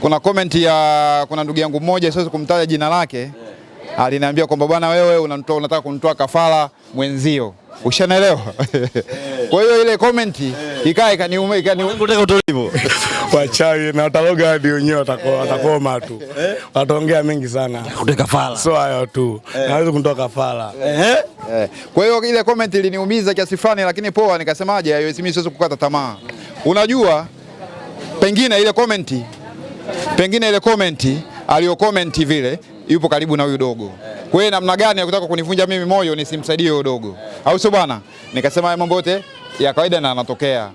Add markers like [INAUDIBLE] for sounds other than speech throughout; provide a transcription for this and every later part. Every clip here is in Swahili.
kuna comment ya kuna ndugu yangu mmoja, siwezi kumtaja jina lake, aliniambia kwamba bwana, wewe unamtoa, unataka kumtoa kafara mwenzio, ushanaelewa? [LAUGHS] Kwa hiyo ile comment ikaa ikaniuma, ikaniunataka utulivu. [LAUGHS] Wachawi na wataloga hadi wenyewe watakoma tu, eh? wataongea mengi sana, so hayo tu, eh. naweza kumtoa kafara. Eh? Kwa hiyo ile comment iliniumiza kiasi fulani, lakini poa, nikasemaje, siwezi kukata tamaa. Mm. Unajua, pengine ile komenti pengine ile komenti comment vile yupo karibu na huyu dogo. Kwa hiyo namna gani ya kunivunja mimi moyo nisimsaidie huyo dogo, au sio bwana? Nikasema haya mambo yote ya kawaida na yanatokea.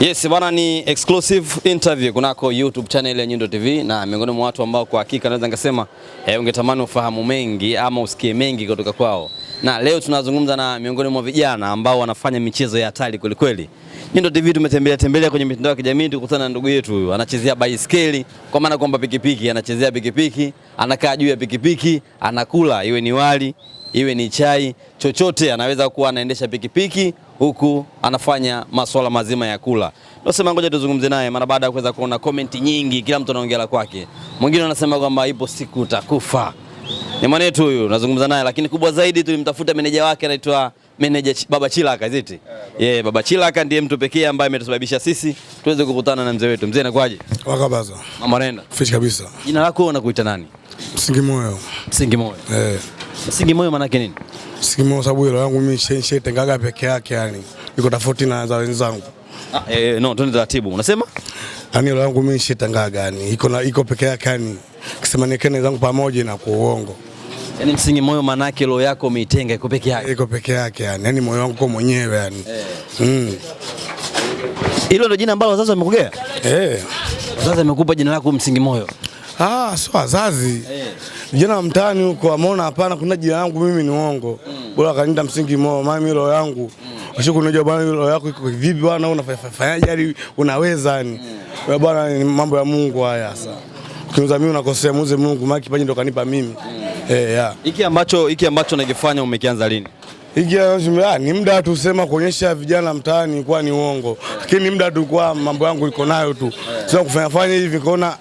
Yes, bwana ni exclusive interview kunako YouTube channel ya Nyundo TV na miongoni mwa watu ambao kwa hakika naweza ngasema eh, ungetamani ufahamu mengi ama usikie mengi kutoka kwao. Na leo tunazungumza na miongoni mwa vijana ambao wanafanya michezo ya hatari kweli kweli. Nyundo TV tumetembelea tembelea kwenye mitandao ya kijamii tukutana na ndugu yetu huyu anachezea baiskeli kwa maana kwamba pikipiki anachezea pikipiki, anakaa juu ya pikipiki, anakula iwe ni wali, iwe ni chai, chochote anaweza kuwa anaendesha pikipiki huku anafanya masuala mazima ya kula. Nasema ngoja tuzungumze naye mara baada ya kuweza kuona komenti nyingi, kila mtu anaongea kwake. Mwingine anasema kwamba ipo siku utakufa. Ni mwanetu huyu nazungumza naye, lakini kubwa zaidi tulimtafuta meneja wake anaitwa meneja Baba Chilaka ziti. Yeah, Yeah, Baba Chilaka ndiye mtu pekee ambaye ametusababisha sisi tuweze kukutana na mzee wetu. Mzee nakwaje? Wakabaza. Mama nenda Fish kabisa. Jina lako unakuita nani? Msingi moyo. Msingi moyo. Eh. Msingi moyo maana yake nini? Sikimo sababu hilo langu mimi tengaga peke yake, yani niko tofauti na za wenzangu. Ah, eh, no, twende taratibu. Unasema? Yaani hilo langu mimi nishaitengaga yani iko na iko peke yake yani. Kisema ni kene zangu pamoja na kuongo. Yaani msingi moyo manake roho yako umeitenga iko peke yake. Iko peke yake yani. Yaani moyo wangu kwa mwenyewe yani. Eh. Mm. Hilo ndio jina ambalo wazazi wamekugea? Eh. Wazazi wamekupa jina lako msingi moyo. Ah, sio wazazi vijana wa mtaani huko wameona hapana, kuna jina langu mimi ni uongo mm. Bora akaniita msingi mo mama, mimi roho yangu mm. washukunja bwana, roho yako iko vipi bwana, unafanyaje hadi yaani unaweza yani mm. Bwana ni mambo ya Mungu haya sasa mm. Ukiuza mimi unakosea, muze Mungu, maana kipaji ndo kanipa mimi mm. Eh, yeah. Hiki ambacho hiki ambacho nakifanya umekianza lini? ya, ah, ni muda tu sema kuonyesha vijana mtaani kwa ni uongo, lakini ni muda tu kwa mambo yangu iko nayo tu, eh. sio kufanya fanya hivi ah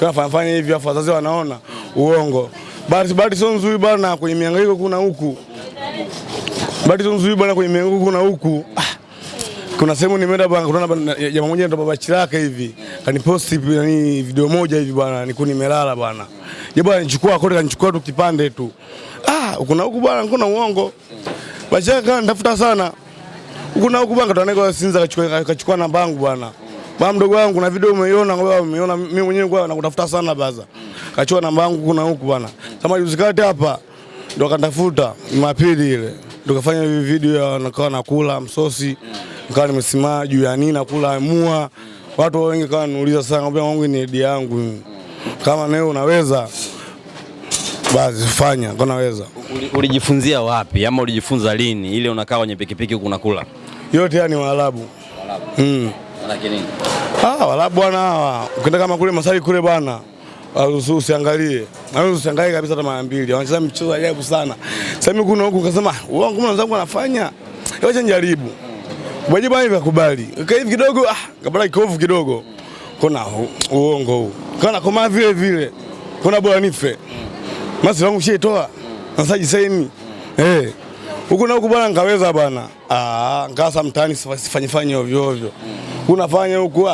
kama fanafanya hivi, afu wazazi wanaona uongo. Bahati sio nzuri bwana, kwenye mihangaiko kuna huku, bahati sio nzuri bwana, kwenye mihangaiko kuna huku. Ah, kuna sehemu nimeenda bana, kuna jamaa mmoja ndo baba Chilaka hivi kaniposti nani video moja hivi bwana, niku nimelala bana, japo nichukua kote, kanichukua tu kipande tu. Ah, kuna huku bana, kuna uongo. Bachaka kanitafuta sana, kuna huku bwana, katoaneka Sinza, kachukua kachukua na bangu bwana Bwana mdogo wangu kuna video umeiona wewe umeiona mimi mwenyewe kwa nakutafuta sana baza. Kachua namba yangu kuna huku bwana. Kama juzi kati hapa ndo kanitafuta Jumapili ile. Ndo kafanya hivi video ya nakaa nakula msosi. Nikawa nimesimama juu ya nini nakula mua. Watu wengi kawa niuliza sana ngombe wangu ni hadi yangu. Kama leo unaweza basi fanya, kwa naweza. Ulijifunzia wapi ama ulijifunza lini? Ile unakaa kwenye pikipiki kuna kula. Yote yani Waarabu. Waarabu. Mm. Ah, wala bwana hawa. Ukienda kama kule Masai kule bwana. Usiangalie. Na wewe usiangalie kabisa hata mara mbili. Wanacheza michezo ya ajabu sana. Sasa mimi kuna huko kasema, "Wao kumbe wenzangu wanafanya." Wacha njaribu. Waje bwana hivi akubali. Kaka hivi kidogo ah, kabla kiovu kidogo. Kuna uongo huu. Kana koma vile vile. Kuna bwana nife. Masi wangu shitoa. Sasa jisaini. Eh huku na huku bwana, nkaweza bwana, ah, nkasa mtaani, sifanyifanye ovyo ovyo, unafanya huku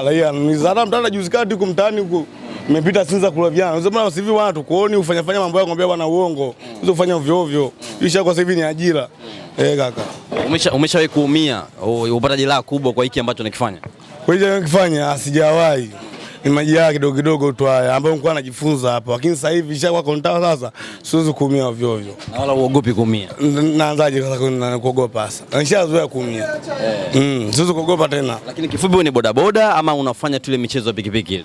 hata mtaani. Juzi kati huku mtaani huku nimepita Sinza kula bwana, sivi bwana, tukuoni ufanyafanya mambo yako, bwana uongo hizo, ufanya ovyo ovyo, isha kwa sahivi ni ajira. Eh kaka, umeshawahi umesha kuumia oh, upata jeraha kubwa kwa hiki ambacho nakifanya? Kwa hiki nakifanya sijawahi ni maji yake kidogo kidogo tu haya ambayo nilikuwa najifunza hapo, lakini sasa hivi ishakuwa konta, sasa siwezi kuumia ovyo ovyo. Na wala uogopi kuumia? Naanzaje sasa kuogopa? Sasa nishazoea kuumia, eh. Mm, siwezi kuogopa tena. Lakini kifupi, wewe ni bodaboda ama unafanya tule michezo ya pikipiki ile?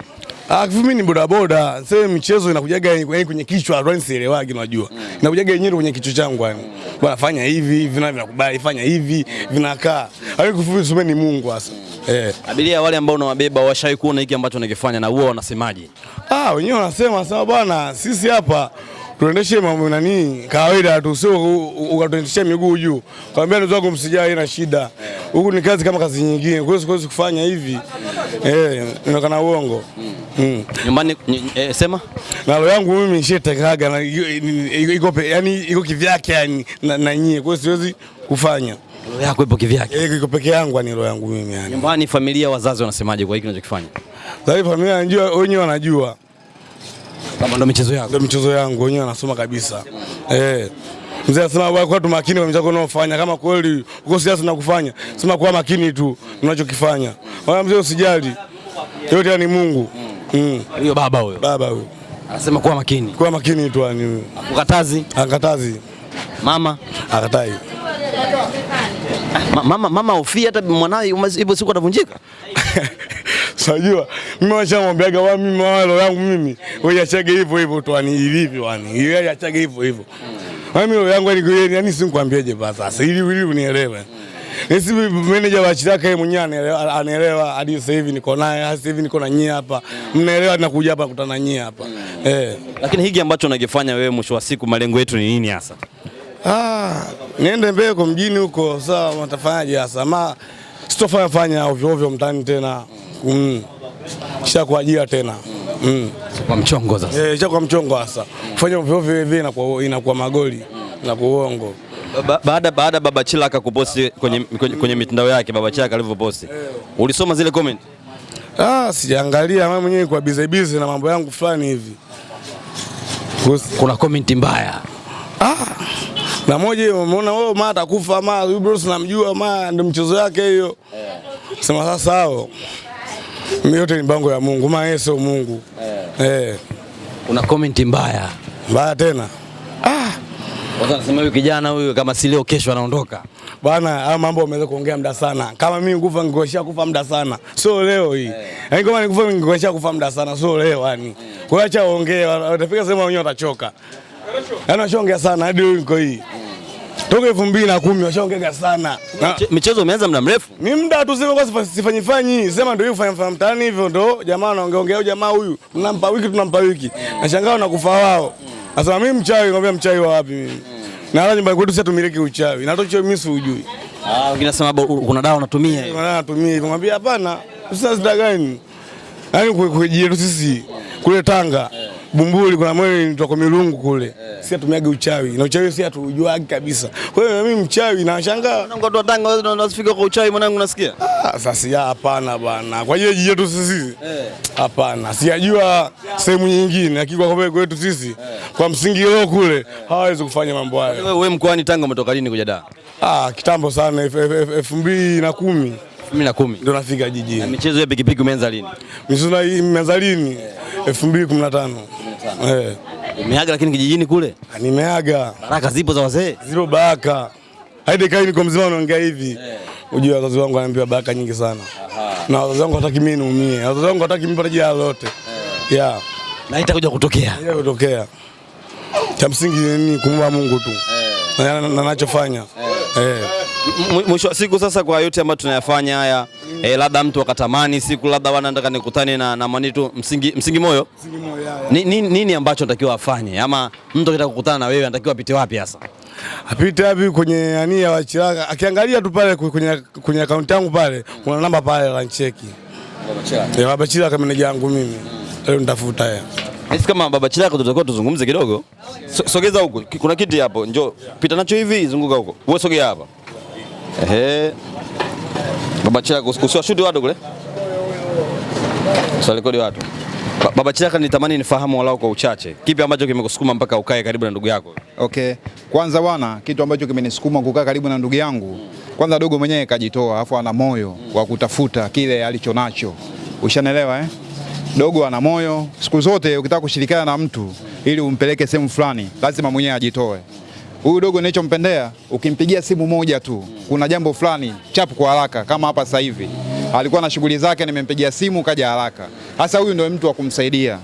Ah, kifupi mimi ni bodaboda. Sasa michezo inakujaga yaani, yaani kwenye kichwa, yani sielewagi unajua. Mm. Inakujaga yenyewe kwenye kichwa changu yani. Bwana fanya hivi, hivi na vinakubali, fanya hivi, vinakaa. Hayo kifupi sume ni Mungu sasa eh. Abiria wale ambao unawabeba washawahi kuona hiki ambacho nakifanya na huwa wanasemaje? Ah, wenyewe wanasema sawa bwana, sisi hapa tuendeshe mambo nani kawaida tu, sio ukatuendeshe miguu juu. Kwambia ndugu zangu, msijai na shida huku, ni kazi kama kazi nyingine, kwa hiyo siwezi kufanya hivi eh, inaonekana uongo hmm. Hmm. nyumbani. Eh, sema nalo yangu mimi nishetekaga, yani iko kivyake, yani na nyie, kwa hiyo siwezi kufanya Roho yako ipo kivyake. Eh, iko peke yangu ni roho yangu mimi yani. Nyumbani familia wazazi wanasemaje kwa hiki unachokifanya? Sasa familia anajua wenyewe wanajua. Kama ndo michezo yako. Ndio michezo yangu wenyewe wanasoma kabisa. Eh. Mzee anasema wewe kwa tumakini kwa michezo unaofanya kama kweli uko siasa na kufanya. Sema kwa makini tu unachokifanya. Wala mzee usijali. Yote ni Mungu. Mm. Huyo baba huyo. Baba huyo. Anasema kuwa makini. Kuwa makini tu yani. Akukatazi. Akatazi. Mama akatai mama mama hofi hata mwanawe ipo siku atavunjika. Unajua [LAUGHS] mimi washamwambiaga wa mimi walo yangu mimi wewe achage hivyo hivyo tu ani ilivyo ani yeye achage hivyo hivyo. Mimi roho yangu ni yani simkwambieje pa sasa ili ili unielewe. Nisi meneja wa Chitaka yeye mwenyewe anaelewa hadi sasa hivi niko naye sasa hivi niko na nyie hapa. Mnaelewa kuja hapa kukutana nyie hapa. Eh. Lakini hiki ambacho unakifanya wewe mwisho wa siku malengo yetu ni nini hasa? Ah, niende kwa mjini huko, sawa, watafanyaje hasa? Ma sitofanya fanya ovyo ovyo mtani tena mm. Kisha kuajia tena mm. Kwa mchongo sasa eh, kisha kwa mchongo hasa kufanya ovyo ovyo hivi inakuwa inakuwa magoli na kuongo ba baada baada Baba Chila akakuposti kwenye, kwenye, kwenye mitandao yake Baba Chila alivyoposti, eh. ulisoma zile comment? Ah, sijaangalia mimi mwenyewe kwa busy busy na mambo yangu fulani hivi. Kuna comment mbaya na moja umeona wewe oh, ma atakufa ma huyu bro namjua ma ndio mchezo yake hiyo. Sema sasa hao. Mimi yote ni mpango ya Mungu, ma yeye sio Mungu. Eh. eh. Una comment mbaya. Mbaya tena. Ah. Watu nasema huyu kijana huyu kama si leo kesho anaondoka. Bwana, haya mambo wameweza kuongea muda sana. Kama mimi ngufa ningekoshia kufa muda sana. Sio leo hii. Eh. Yaani kama nikufa ningekoshia kufa muda sana, sio leo yani. Kwa hiyo acha waongee, watafika sehemu wenyewe watachoka. Yaani washongea sana hadi huko hii. Toka elfu mbili na kumi washaongega sana. Michezo umeanza muda mrefu. Ni muda tu sema sifanyi fanyi, sema ndio hiyo fanya mtaani hivyo ndo jamaa anaongea jamaa huyu tunampa wiki tunampa wiki. Nashangaa na kufa wao. nasema mimi mchawi ngambia mchawi wa wapi mimi? Na hata nyumbani kwetu sisi tumiliki uchawi. Na tocho uchawi mimi siujui. Ah, wengine nasema kuna dawa unatumia. Kuna dawa natumia. Ngambia hapana. Sasa sida gani? yani Yaani kujietu sisi kule Tanga. Bumbuli kuna mweli nitwa kwa milungu kule si hatumiage uchawi na uchawi si hatujuagi kabisa. Kwa hiyo mimi mchawi nashangaa nasifika kwa uchawi mwanangu, nasikia ah, sasa. Hapana bwana, kwa hiyo jiji yetu sisi eh. hapana, sijajua sehemu nyingine, lakini kwa kwetu sisi kwa msingi leo kule hawawezi kufanya mambo hayo. Wewe mkoani Tanga umetoka lini kuja Dar? Ah, kitambo sana, elfu mbili na kumi na kumi ndo nafika jiji. Na michezo ya pikipiki umeanza lini? Michezo imeanza lini? Eh. elfu mbili kumi na tano. Umeaga lakini kijijini kule? Ah, nimeaga. Baraka zipo za wazee? Zipo baraka. Haide kai niko mzima naongea hivi. Eh. Ujue wazazi wangu wanaambiwa baraka nyingi sana. Aha. Na wazazi wangu hataki mimi niumie. Wazazi wangu hataki mimi pata lolote. Yeah. Na itakuja kutokea. Itakuja kutokea. Cha msingi ni kumwomba Mungu tu. Eh. Na ninachofanya. Eh. eh. Mwisho wa siku sasa, kwa yote ambayo tunayafanya haya eh, labda mtu akatamani siku labda wana nataka nikutane na, na mwanitu msingi, msingi moyo msingi moyo ya, ya. Ni, ni, nini ambacho anatakiwa afanye ama mtu akitaka kukutana na wewe anatakiwa apite wapi hasa? Apite wapi kwenye ani ya Wachilaka, akiangalia tu pale kwenye, kwenye akaunti yangu pale kuna namba pale la cheki Baba Chilaka meneja yangu mimi leo nitafuta yeye. Sisi kama Baba Chilaka tutakuwa tuzungumze kidogo. So, sogeza huko. Kuna kiti hapo. Njoo. Pita nacho hivi, zunguka huko. Wewe sogea hapa. Ehe. Baba chako usiwashuti watu kule, usiwarekodi watu. Baba chako, nitamani nifahamu walau kwa uchache, kipi ambacho kimekusukuma mpaka ukae karibu na ndugu yako? Okay, kwanza bwana, kitu ambacho kimenisukuma kukaa karibu na ndugu yangu, kwanza dogo mwenyewe kajitoa, afu ana moyo wa kutafuta kile alichonacho, ushanelewa eh? Dogo ana moyo. Siku zote ukitaka kushirikiana na mtu ili umpeleke sehemu fulani, lazima mwenyewe ajitoe. Huyu dogo ninachompendea, ukimpigia simu moja tu, kuna jambo fulani chapu kwa haraka. Kama hapa sasa hivi alikuwa na shughuli zake, nimempigia simu kaja haraka. Hasa huyu ndio mtu wa kumsaidia,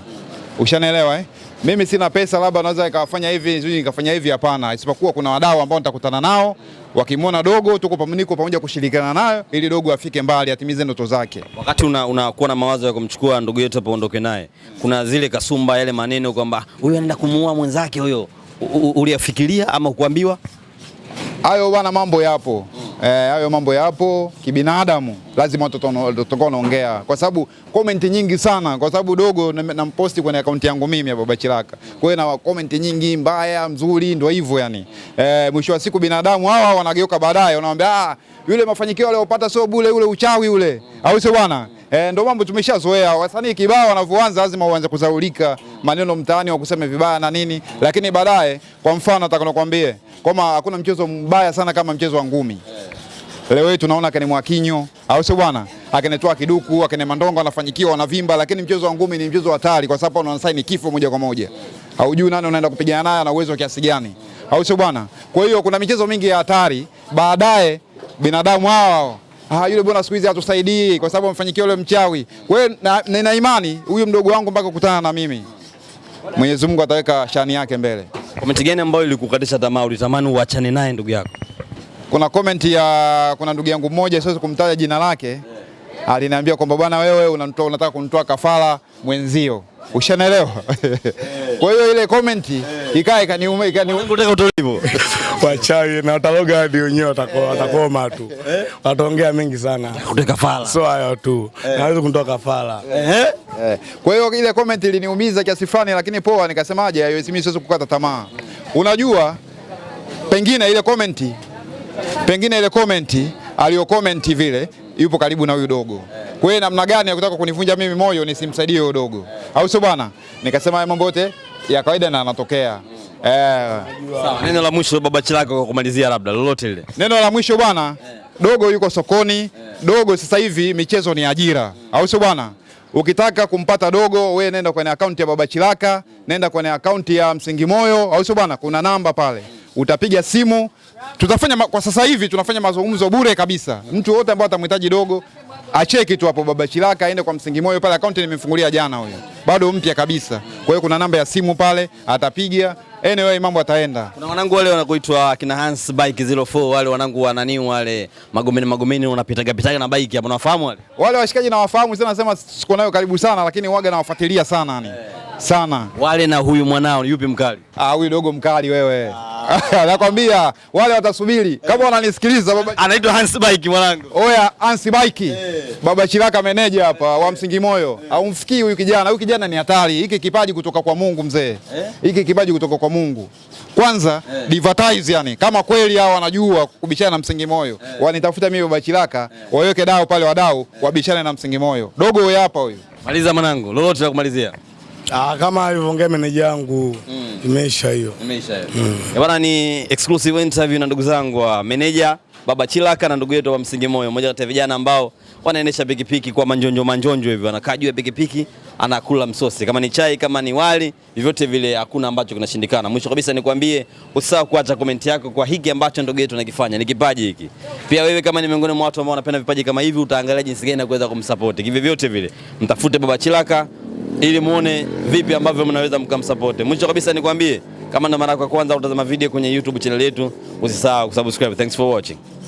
ushanaelewa eh? Mimi sina pesa, labda naweza nikafanya hivi nikafanya hivi, hapana. Isipokuwa kuna wadau ambao nitakutana nao, wakimwona dogo, tuko pamuniko pamoja kushirikiana nayo ili dogo afike mbali, atimize ndoto zake. Wakati unakuwa na mawazo ya kumchukua ndugu yetu apoondoke naye, kuna zile kasumba, yale maneno kwamba huyu anaenda kumuua mwenzake huyo uliyafikiria ama kuambiwa hayo bwana? Mambo yapo. Eh, hayo e, mambo yapo kibinadamu, lazima tutakuwa naongea, kwa sababu comment nyingi sana, kwa sababu dogo namposti na kwenye akaunti yangu mimi ya Baba Chiraka, kwa hiyo na comment nyingi mbaya mzuri, ndio hivyo yani. E, mwisho wa siku binadamu hawa wanageuka baadaye, wanaambia ah, yule mafanikio aliyopata sio bule, ule uchawi ule, au sio bwana? E, ndio mambo tumeshazoea. Wasanii kibao wanavyoanza lazima waanze kuzaulika maneno mtaani wa kusema vibaya na nini, lakini baadaye, kwa mfano nataka nikwambie kwamba hakuna mchezo mbaya sana kama mchezo wa ngumi. Leo hii tunaona akina Mwakinyo au sio bwana, akinetoa kiduku, akene Mandongo anafanyikiwa, wanavimba, lakini mchezo wa ngumi ni mchezo hatari, kwa sababu unasaini kifo moja kwa moja. Haujui nani unaenda kupigana naye, na uwezo kiasi gani, au sio bwana? Kwa hiyo kuna michezo mingi ya hatari, baadaye binadamu hao Ah, yule bwana siku hizi hatusaidii kwa sababu amefanyikiwa yule mchawi. Wewe nina na imani huyu mdogo wangu mpaka kukutana na mimi. Mwenyezi Mungu ataweka shani yake mbele. Komenti gani ambayo ilikukatisha tamaa ulitamani uachane naye ndugu yako? kuna comment ya kuna ndugu yangu mmoja siwezi kumtaja jina lake, aliniambia kwamba bwana, wewe unatoa unataka kumtoa kafara mwenzio, ushanelewa? [LAUGHS] Kwa hiyo ile comment ikaa ikaniuma, ikaniuma [LAUGHS] wachawi na wataloga hadi wenyewe watakoma tu, eh? wataongea mengi sana, so hayo tu eh. naweza kumtoa kafara. Eh? Kwa hiyo ile comment iliniumiza kiasi fulani, lakini poa, nikasemaje, mimi siwezi kukata tamaa. Unajua pengine ile comment pengine ile komenti komenti vile yupo karibu na huyu dogo. Kwa hiyo namna gani ya kutaka kunivunja mimi moyo nisimsaidie huyo dogo, au sio bwana? Nikasema mambo yote ya kawaida na yanatokea. Eh. Sawa, neno la mwisho baba Chilako kwa kumalizia labda lolote lile. Neno la mwisho bwana, dogo yuko sokoni, dogo sasa hivi michezo ni ajira. Au sio bwana? Ukitaka kumpata dogo we nenda kwenye akaunti ya baba Chilaka, nenda kwenye akaunti ya Msingi Moyo, au sio bwana? Kuna namba pale utapiga simu, tutafanya kwa sasa hivi tunafanya mazungumzo bure kabisa. Mtu wote ambaye atamhitaji dogo acheki tu hapo Baba Chilaka, aende kwa msingi moyo pale, akaunti nimemfungulia jana, huyo bado mpya kabisa. Kwa hiyo kuna namba ya simu pale, atapiga anyway, mambo ataenda. Kuna wanangu wale wanakuitwa kina Hans Bike 04 wale wanangu wa nani wale Magomeni, Magomeni wanapitaga pitaga na bike hapo, nawafahamu wale wale washikaji, Na wafahamu sana, nasema siko nayo karibu sana, lakini waga nawafuatilia sana ni eh. sana wale. Na huyu mwanao yupi mkali? Ah, huyu dogo mkali wewe. Aa. Ah nakwambia wale watasubiri eh. kama wananisikiliza baba... anaitwa Hans Bike mwanangu. Oya Hans Bike. Eh. Baba Chiraka meneja hapa wa msingi moyo eh. Haumfikii huyu kijana, huyu kijana ni hatari. Hiki kipaji kutoka kwa Mungu mzee Hiki kipaji kutoka kwa Mungu kwanza hey. yani, kama kweli hao wanajua kubishana na msingi moyo Wanitafuta mimi baba Chiraka Waweke dao pale wadau Wabishane na msingi moyo dogo, huyo hapa huyu. Maliza mwanangu, lolote la kumalizia. Ah, kama alivyoongea meneja yangu mm. Imeisha hiyo. Imeisha hiyo. Mm. Eh, bwana, ni exclusive interview na ndugu zangu wa meneja Baba Chilaka na ndugu yetu wa Msingi Moyo, mmoja kati ya vijana ambao wanaendesha pikipiki kwa manjonjo manjonjo hivi, anakaa juu ya pikipiki anakula msosi, kama ni chai, kama ni wali, vyovyote vile hakuna ambacho kinashindikana. Mwisho kabisa nikwambie, usisahau kuacha komenti yako kwa hiki ambacho ndugu yetu anakifanya, ni kipaji hiki. Pia wewe kama ni miongoni mwa watu ambao wanapenda vipaji kama hivi, utaangalia jinsi gani ya kuweza kumsupport. Hivi vyote vile mtafute Baba Chilaka ili muone vipi ambavyo mnaweza mkamsapoti. Mwisho kabisa nikwambie, kama ndo mara ya kwanza utazama video kwenye YouTube channel yetu, usisahau kusubscribe. Thanks for watching.